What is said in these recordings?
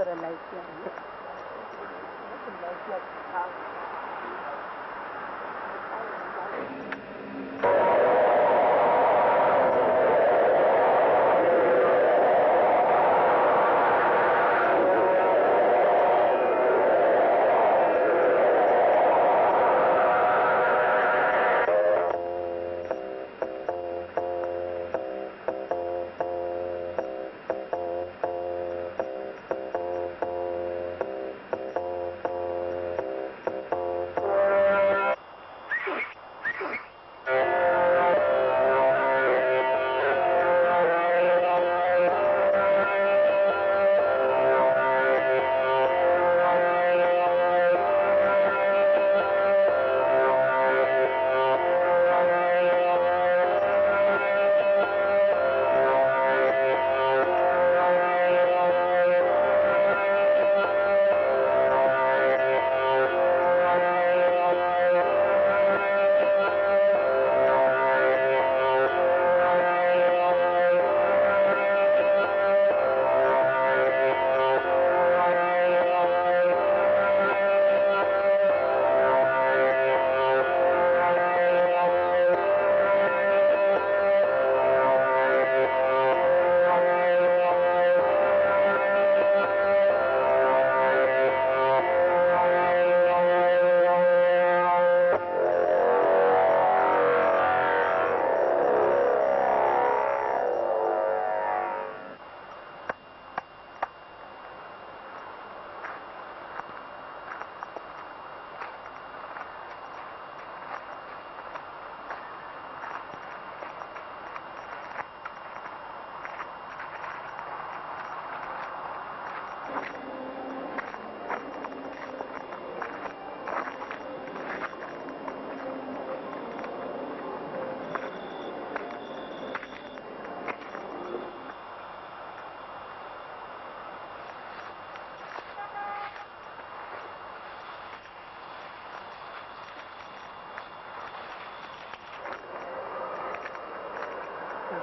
तरह लाइट किया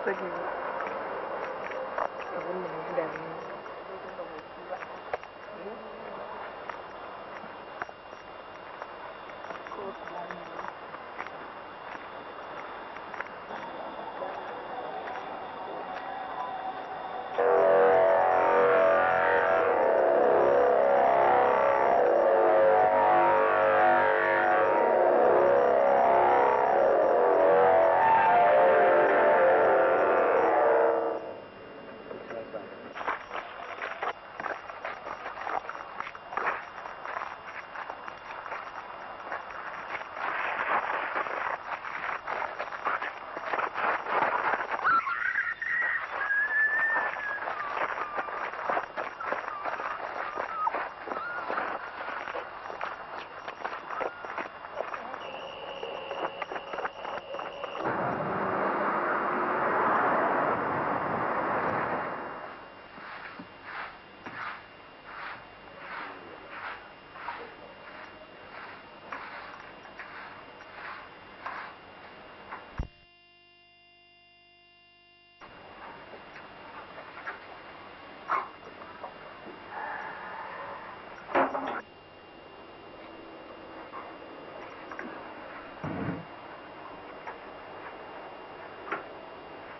सकेगी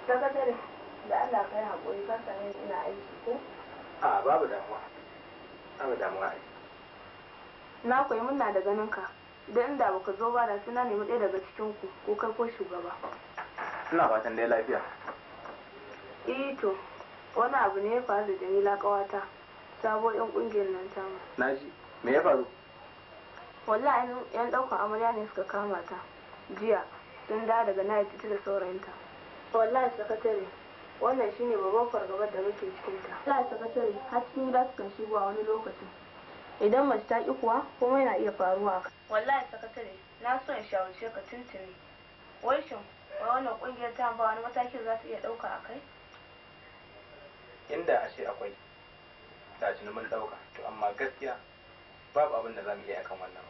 sakatare da Allah kai haƙuri kan sanin ina aiki ko a babu damuwa babu damuwa ai na koyi munna da ganin ka da inda baka zo ba da suna nemi ɗaya daga cikin ku ko kai ko shugaba ina fatan dai lafiya eh to wani abu ne ya faru da Jamila ƙawata sabo yan kungiyar nan ta mu na ji me ya faru wallahi yan ɗaukar amarya ne suka kama ta jiya sun da daga na ita da saurayinta wallahi sakatare wannan shine babban fargabar da muke cikin ta wallahi sakatare har cikin gida sukan shigo a wani lokaci idan mace ta ki kuwa komai na iya faruwa wallahi sakatare na so in shawarce ka tuntuni wai shin wai wannan kungiyar ta ba wani matakin za su iya dauka a kai inda ashe akwai da tuni mun dauka to amma gaskiya babu abin da za mu iya akan wannan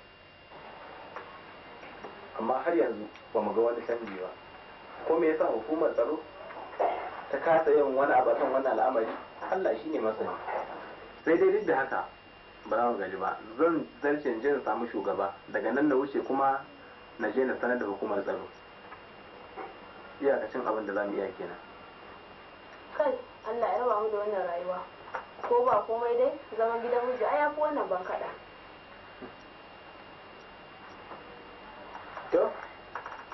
amma har yanzu ba mu ga wani canji ba ko me yasa hukumar tsaro ta kasa yin wani abu kan wannan al'amari Allah shi ne masani sai dai duk da haka ba za mu gaji ba zan zarce je na samu shugaba daga nan na wuce kuma na je na sanar da hukumar tsaro iyakacin abin da za mu iya kenan kai Allah ya raba mu da wannan rayuwa ko ba komai dai zaman gidan miji ai ko wannan ban kada to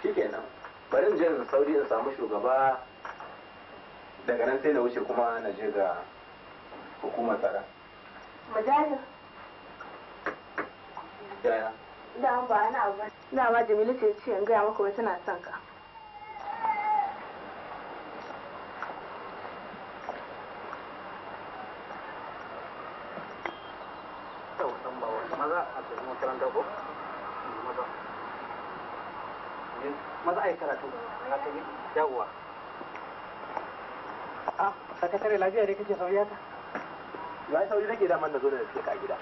shikenan bari in je in saudi in samu shugaba daga nan sai na wuce kuma na je ga hukumar tsara majalin yaya da ba ana abu da ma jamilu ce ce in gaya maka wai tana son ka maza a cikin makarantar ko maza maza a yi karatu haka ne yawwa a ah, sakatare lafiya dai kake sauri haka ya sauri nake da na zo da suke ka gida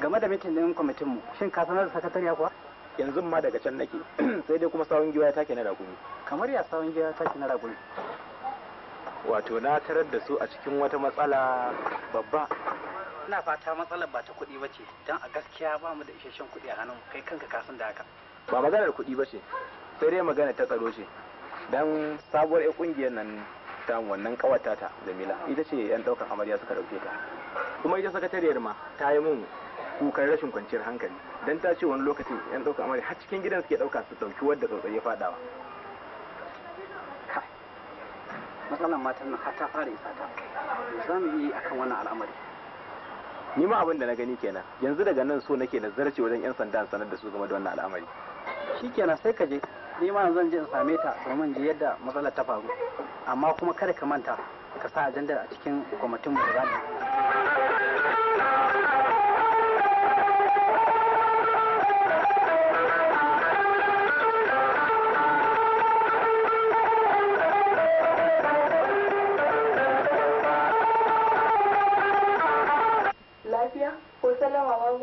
game da mitin din kwamitin mu shin ka sanar da sakatariya kuwa yanzu ma daga can nake sai dai kuma sawun giwa ya take na ragumi kamar ya sawun giwa ya take na ragumi wato na tarar da su a cikin wata matsala babba ina fata matsalar ba ta kuɗi ba ce don a gaskiya ba mu da isasshen kuɗi a hannun kai kanka kasan da haka ba maganar kuɗi ba ce sai dai magana ta tsaro ce don sabuwar ya kungiyar nan ta wannan kawata ta jamila ita ce yan daukan amarya suka dauke ta kuma ita sakatariyar ma ta yi mun kukan rashin kwanciyar hankali don ta ce wani lokacin yan daukan amarya har cikin gidan suke dauka su dauki wadda tsotsai ya fadawa matsalan matan nan har ta fara isa ta za mu yi akan wannan al'amari ni ma abin da na gani kenan yanzu daga nan so nake na zarce wajen yan sanda sanar da su game da wannan al'amari shi shikenan sai ka je ni ma zan je in same ta domin ji yadda matsalar ta faru amma kuma kada ka manta ka sa ajanda a cikin kwamitin mu da sallama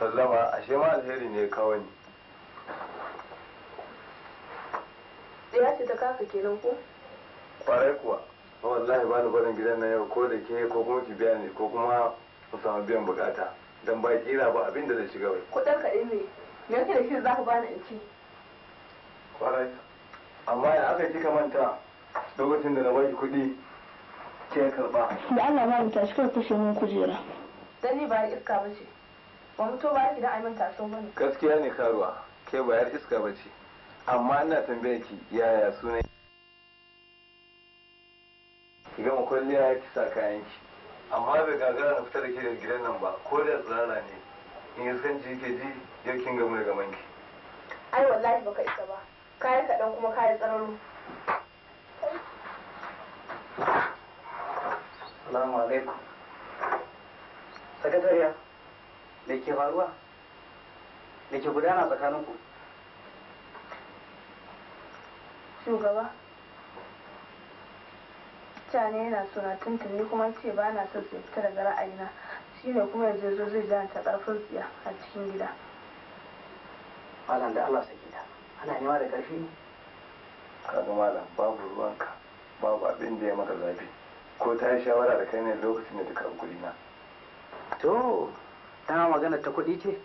Sallama ashe ma alheri ne kawai. ya ce ta kafa kenan ko kwarai kuwa wallahi ba ni barin gidan na yau ko da ke ko kuma ki biya ni ko kuma ku samu biyan bukata dan ba kira ba abin da zai shiga wai kudin ka ne me yake da shi za ku bani in ci kwarai amma ya aka kika manta lokacin da na baki kuɗi ke karɓa. da Allah ma mu tashi kar kashe mun kujera dan ni ba iska bace ba mu to ba gidan ai mun taso bane gaskiya ne karuwa ke bayar yar iska bace amma ina tambaya ki yaya sunan ki gama kwalliya ki sa kayan ki amma bai gagara na fita da ke da gidan nan ba ko da tsirara ne in san ji ke ji yau kin gamu da gaman ki ai wallahi baka isa ba kayan kaɗan kuma kayan tsararru Salamu alaikum. Sakatariya, da ke faruwa? da ke gudana tsakaninku? shugaba mutane yana na tuntuni kuma ce ba na son su fita daga ra'ayina shine kuma yanzu zo zai ja ta karfin tsiya a cikin gida malam da Allah saki ta ana nema da karfi kaga malam babu ruwanka babu abin da ya maka zafi ko ta yi shawara da kai ne lokacin da duka guri na to dama magana ta kuɗi ce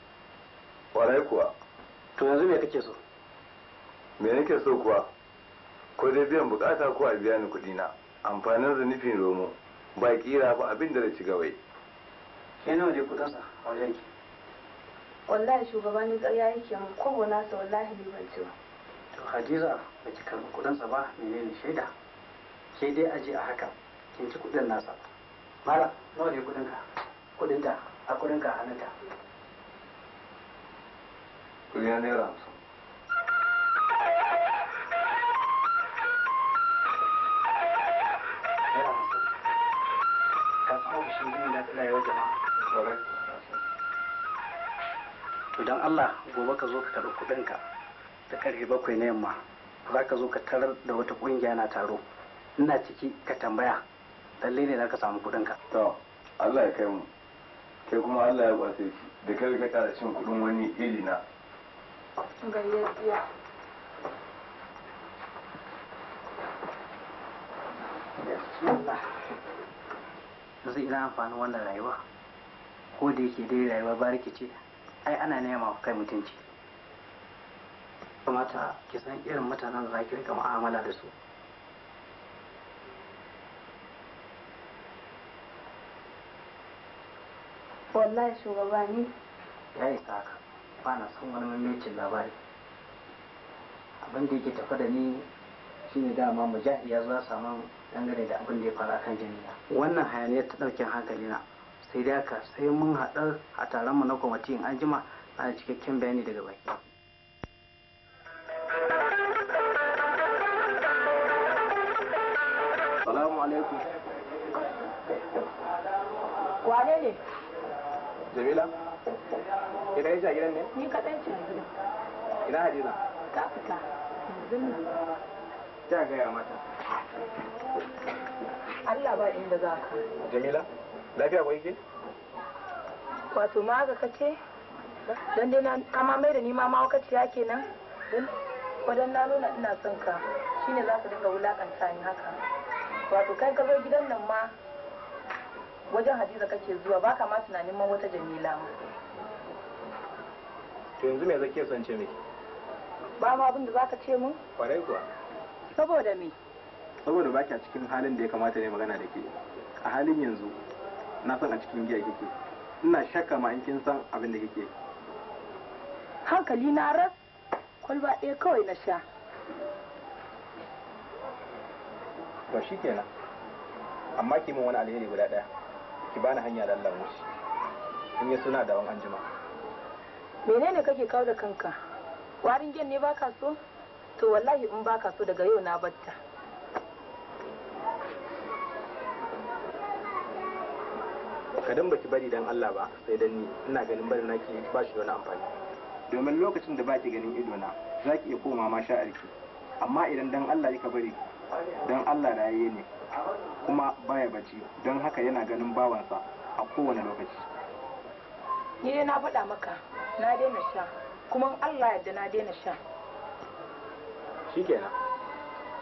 warai kuwa to yanzu me kake so me nake so kuwa ko dai biyan bukata ko a biya ni kuɗi na amfanin zunufin romo ba kira ba abin da ci gawai ke nawa ne kudin sa a wajen ki wallahi shugabanin ƙarya yake mu kowa nasa wallahi ne ban ci to hadiza ba ki karɓi kudin sa ba menene shaida ke dai aje a haka kin ci kudin nasa mala nawa ne kudin ka kudin ta a kudin ka hannun ta kudin naira hamsin idan Allah gobe ka zo ka karɓi ka da karfe bakwai na yamma za ka zo ka tarar da wata ƙungiya na taro ina ciki ka tambaya lalle ne za ka samu kuɗinka to Allah ya kai mu kai kuma Allah ya kwace shi da kai ka tara cin kuɗin wani iri na da zai ina amfani wannan rayuwa ko da yake dai rayuwa ba rikice ai ana nema kai mutunci kamata ki san irin mutanen da za rika mu'amala da su wallahi shugaba ne ya isa saka ba na son wani mamacin labari abin da yake tafa da ni shine dama mujahid ya zuwa samu dangane da abin da ya faru kan jami'a wannan hayaniya ta ɗaukin hankali na sai da haka sai mun haɗa a taron mu na kwamitin anjima ana cikakken bayani daga baki Salamu alaikum. Wane ne? Jamila? Ina yi gidan ne? Ni kaɗan ce a Ina Hadiza? Ka fita. Yanzu ta gaya mata Allah ba inda za ka jamila lafiya ba yake wato ma ga kace dan dai na mai da ni ma mawakaciya kenan wadan na nuna ina son ka shine za ka dinga wulakanta ni haka wato kai ka zo gidan nan ma wajen hadiza kake zuwa ba ka ma tunanin man wata jamila ma to yanzu me zake son ce miki ba ma abin da za ka ce min? kwarai kuwa saboda me saboda baki a cikin halin da ya kamata ne magana da ke a halin yanzu na san a cikin giya kike ina shakka ma in kin san abin da kike hankali na ras kwalba ɗaya kawai na sha to shi kenan amma ki min wani alheri guda ɗaya ki bani hanya da Allah mushi in ya suna da wani anjima menene kake kawo da kanka warin gen ne baka so to wallahi in baka so daga yau na batta kadan baki bari dan Allah ba sai dan ni ina ganin bari naki ba shi wani amfani domin lokacin da baki ganin ido na zaki iya koma ma arki amma idan dan Allah yake bari dan Allah rayaye ne kuma baya bacci don haka yana ganin bawansa a kowane lokaci ni dai na faɗa maka na daina sha kuma Allah yadda na daina sha shikenan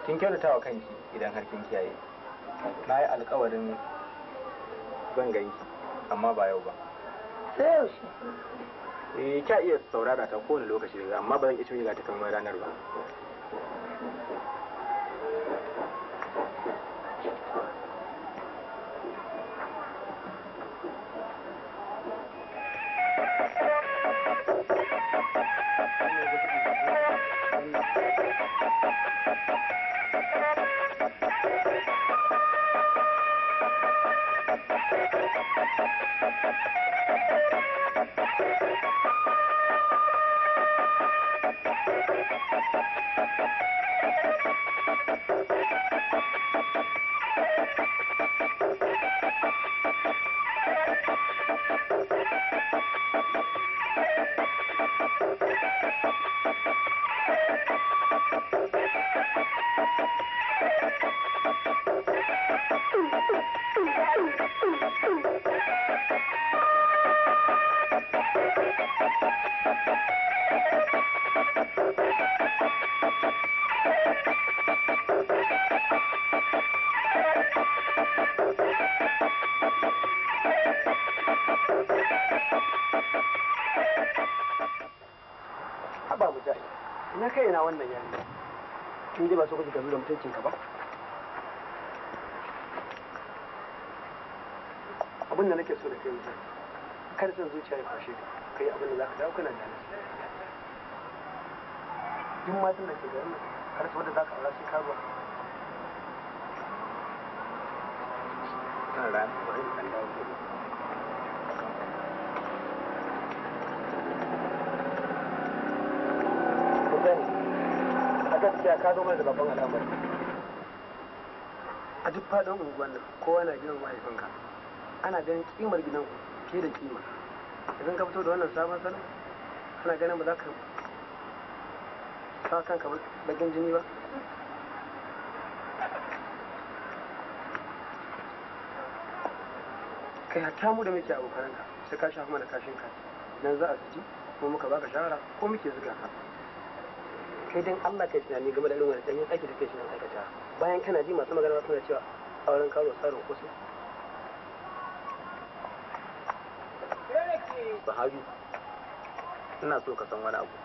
kin kyautata wa kanki idan har kin kiyaye na yi alkawarin zan ganki amma ba yau ba sai eh kya iya saurara ta kowane lokaci daga amma ba zan iya cewa ta kamar ranar ba so kake ka zura mutuncin ka ba abin da nake so da kai mutum kar san zuciya ya fashe ka kai abin da ka dawo kana da nasi duk matan da ke garin nan kar su wanda za ka sai ka ruwa kan ran bari dan dawo gaskiya ka zo mana da babban al'amari a duk faɗin unguwan nan kowa na gidan mahaifinka ana ganin kimar gidan fiye da kima idan ka fito da wannan sabon salon ana ganin ba za ka sa kanka bakin jini ba kai hatta mu da muke abokananka sai ka shafa mana kashin ka idan za a ci ko muka baka shawara ko muke zuga ka kai dan Allah kai tunani game da irin dan danyen aiki da kai nan aikata bayan kana ji masu magana suna cewa auren karo ko su Bahaju ina so ka san wani abu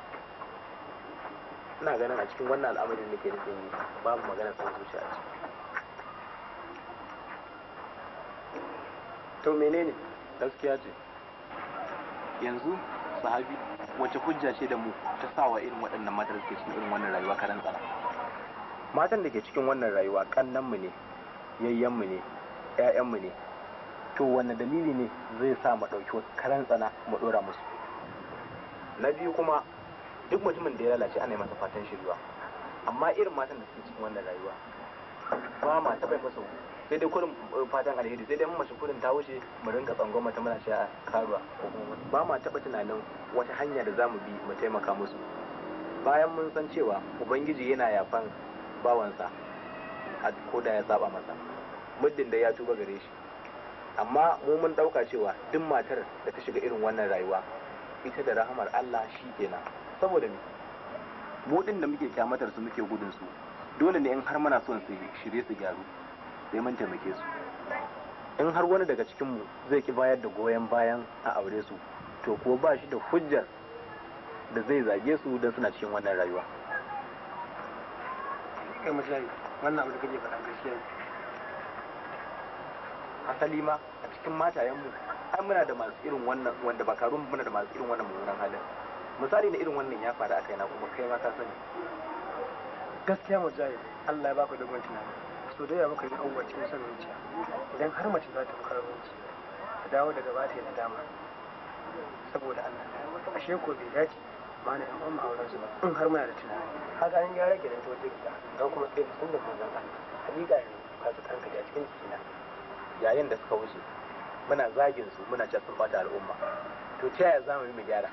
ina ganin a cikin wannan al'amarin da ke nufin babu magana san zuciya a to menene gaskiya ce yanzu sahabi wace hujja ce da mu ta sawa irin waɗannan matan da ke cikin irin wannan rayuwa karan tsara matan da ke cikin wannan rayuwa kannanmu ne yayyanmu ne ƴaƴanmu ne to wanne dalili ne zai sa mu ɗauki karan tsana mu ɗora musu na biyu kuma duk mutumin da ya lalace ana yi masa fatan shirya amma irin matan da suke cikin wannan rayuwa ba ma taɓa masa sai dai kurin eh, fatan alheri sai dai mace kurin ta wuce mu rinka tsangwama ta muna sha karuwa ba ma taɓa tunanin wata hanya da za mu bi mu taimaka musu bayan mun san cewa ubangiji yana yafan bawansa a koda ya saba masa muddin da ya tuba gare shi amma mu mun ɗauka cewa duk matar da ta shiga irin wannan rayuwa ita da rahamar Allah shi kenan saboda me mu din da muke kyamatar su muke gudun su dole ne in har muna son su shirye su gyaru sai mun taimake su in har wani daga cikinmu zai ki bayar da goyon bayan a aure su to kuwa ba shi da hujjar da zai zage su don suna cikin wannan rayuwa kai eh, abu da kake faɗa gaskiya asali ma a cikin matayenmu ai muna da masu irin wannan wanda ba karun muna da masu irin wannan mummunan halin misali na irin wannan ya faru a kai na kuma kai ma ka sani gaskiya mujahid Allah ya baka dogon tunani to da yawa muka yi abubuwa cikin son zuciya idan har mace za ta fi karuwanci ta dawo daga ba ta yi nadama saboda Allah ashe ko bai dace ma na yan umma auren su ba in har muna da tunani haka an gyara gidan ta wajen gida don kuma da sun da manzon Allah hakika ne ka su kanka da cikin jikina yayin da suka wuce muna zagin su muna cewa sun bata al'umma to ta yaya za mu yi mu gyara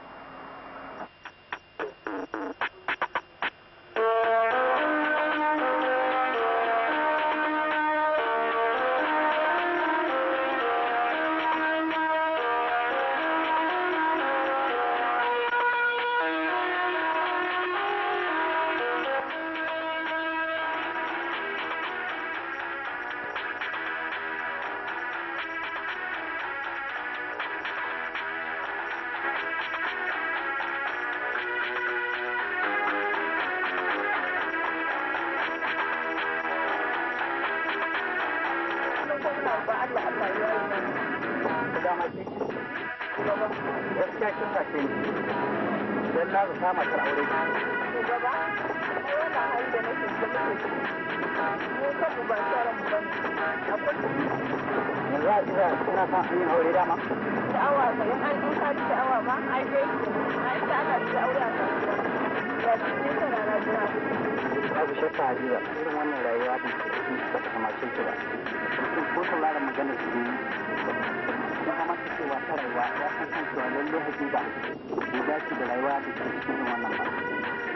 gaskiya kin ba ke don na rufa matar aure shugaba wanda hali da nake da muke mu ba tsaron mu bane yanzu a tsira kina san aure dama sha'awa ba in an duka da sha'awa ma ai dai a yi ta ana da aure a kasuwa ya ci ne tana na jira babu shakka hadiza irin wannan rayuwa da ke cikin ba ta kamace ki ba ko sauraron maganar su ne zama masa cewa ta rayuwa ya san kan cewa lallai hakika bai dace da rayuwa da ke cikin wannan ba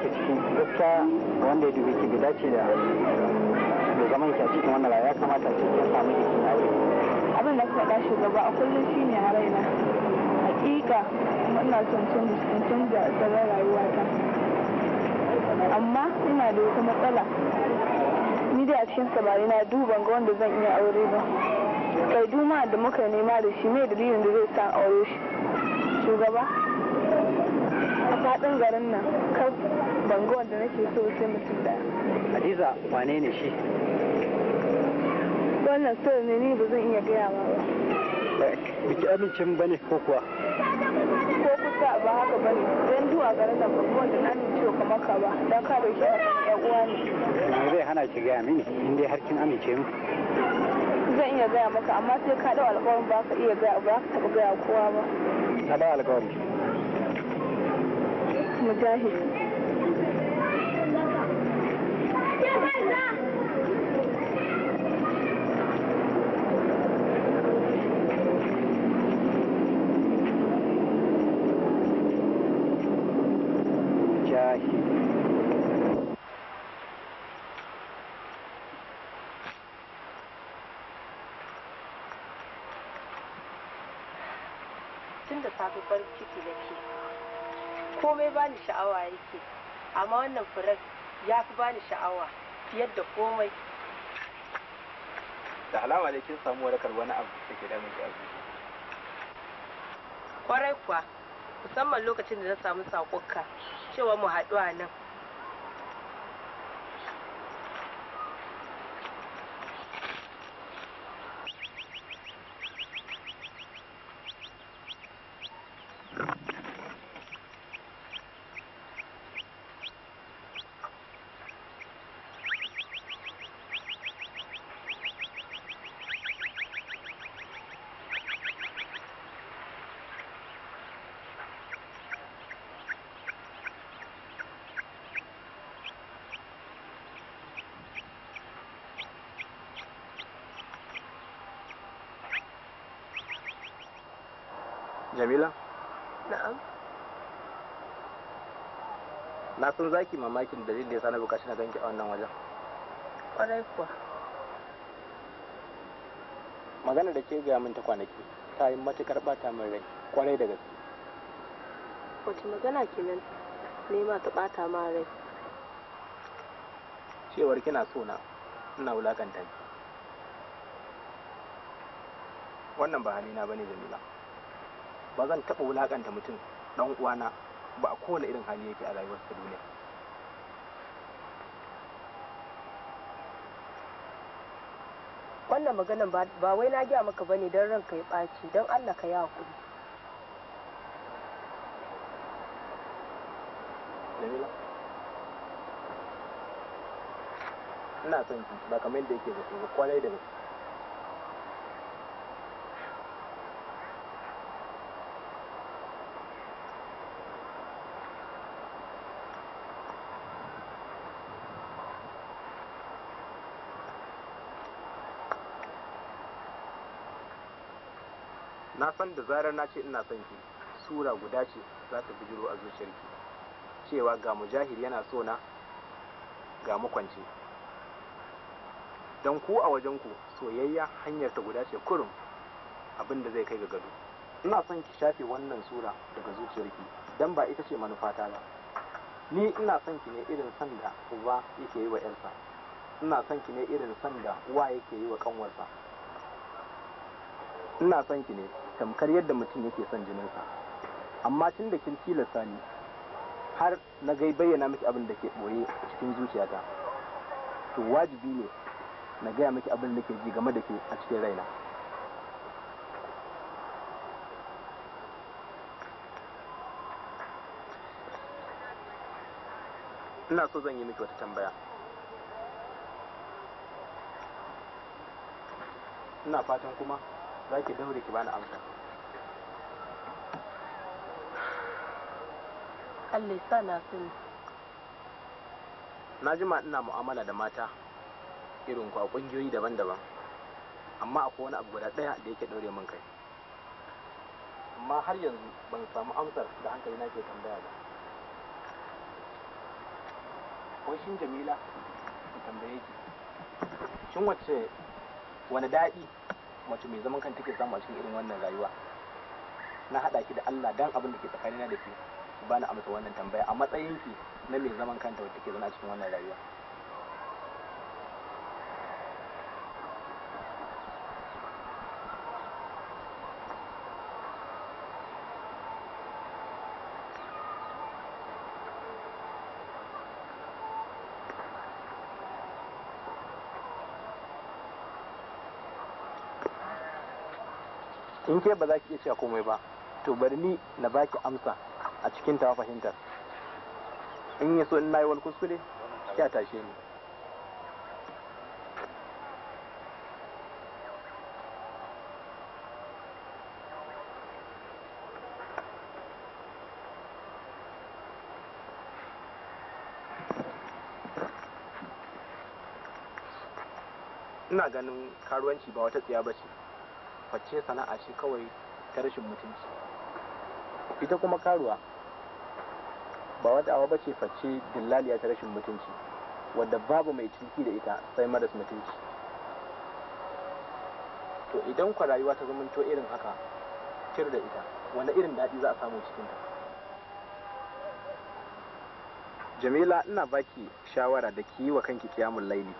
ake cikin gaskiya wanda ya dube ki da dace da da zaman ki a cikin wannan rayuwa kamata ce ki samu ki kin aure abin da ka faɗa shugaba a kullum shine a raina hakika ina son son canza tsaron ta amma ina da wata matsala ni dai a cikin samari na duban ga wanda zan iya aure ba kai duma da muka nema da shi mai dalilin da zai sa aure shi shugaba a faɗin garin nan kan banga wanda nake so sai mutum da hadiza wane ne shi wannan so ne ni ba zan iya gaya ma ba biki amincin bane ko kuwa ko kusa ba haka bane don duwa garin nan ba wanda na kamar ka maka ba dan ka a ka uwa ne zai hana ki gaya mini in dai har kin amince mu zan iya gaya maka amma sai ka dau alƙawarin ba ka iya gaya ba ka taɓa gaya kowa ba ka dau alƙawarin. Mujahid. komai bani sha'awa yake amma wannan furen ya fi bani sha'awa fiye da komai da alama da kin samu warakar wani abu da ke damun ki azuki kwarai kuwa musamman lokacin da na samu sakokka cewa mu haɗu a nan jamila na'am na san zaki mamakin dalilin da ya sana bukaci na ganke a wannan wajen kwarai kuwa magana da ke gaya min ta kwanaki ta yi matukar bata min rai kwarai da gaske wace magana ke kenan nema ta bata ma rai cewar kina so na ina wulakanta ki wannan ba halina bane jamila ba zan taɓa wulaƙanta mutum ɗan uwana ba kowane irin hali yake a rayuwar ta duniya wannan maganan ba wai na gya maka bane don ranka ya ɓaci don allah ka yi hakuri ina son ki ba kamar yadda yake zato ba kwarai da gaske na san da zarar na ce ina son ki sura guda ce za ta bijiro a zuciyarki cewa ga mujahid yana so na ga makwanci don ku a wajen ku soyayya hanyar ta guda ce kurum abin da zai kai ga gado ina son ki shafe wannan sura daga zuciyarki don ba ita ce manufata ba ni ina son ki ne irin son da uba yake yi wa yarsa ina son ki ne irin son da uwa yake yi wa kanwarsa ina son ki ne tamkar yadda mutum yake son jininsa amma tun da kin tilasta ni har na gai bayyana miki abin da ke ɓoye cikin zuciyata to wajibi ne na gaya miki abin da ke ji game da ke a cikin raina ina so zan yi miki wata tambaya ina fatan kuma za ki daure ki bani amsa Allah sa na sani na jima ina mu'amala da mata irin ku a kungiyoyi daban-daban amma akwai wani abu guda ɗaya da yake ɗaure min kai amma har yanzu ban samu amsar da hankali na ke tambaya ba wai shin jamila ta tambaye ki shin wacce wani daɗi mace mai zaman kanta ke samu a cikin irin wannan rayuwa na hada ki da Allah dan abin da ke tsakanina da ke ba na amsa wannan tambaya a matsayin ki na mai zaman kanta wacce ke zama a cikin wannan rayuwa in ke ba za ki iya cewa komai ba to bari ni na baki amsa a cikin tawa fahimtar in so in yi wani kuskure ya tashe ni ina ganin karuwanci ba wata tsiya ba ce face sana'a shi kawai ta rashin mutunci ita kuma karuwa ba wata awa bace face dillaliya ta rashin mutunci wadda babu mai ciki da ita sai maras mutunci to idan kwa rayuwa ta zumunto irin haka cir da ita wanda irin daɗi za a samu cikinta jamila ina baki shawara da ki yi wa kanki kiyamun laili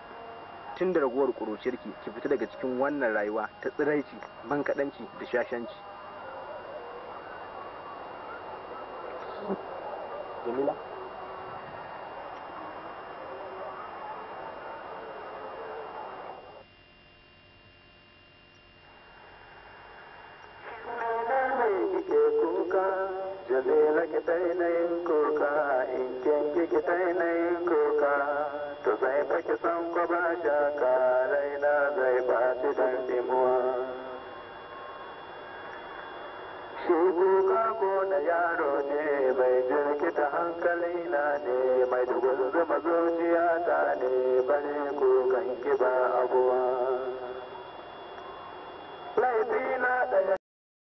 tun da ragowar ƙuruciyarki ki fita daga cikin wannan rayuwa ta tsiraici bankaɗanci da shashanci jamila ba abuwa laifi na ɗaya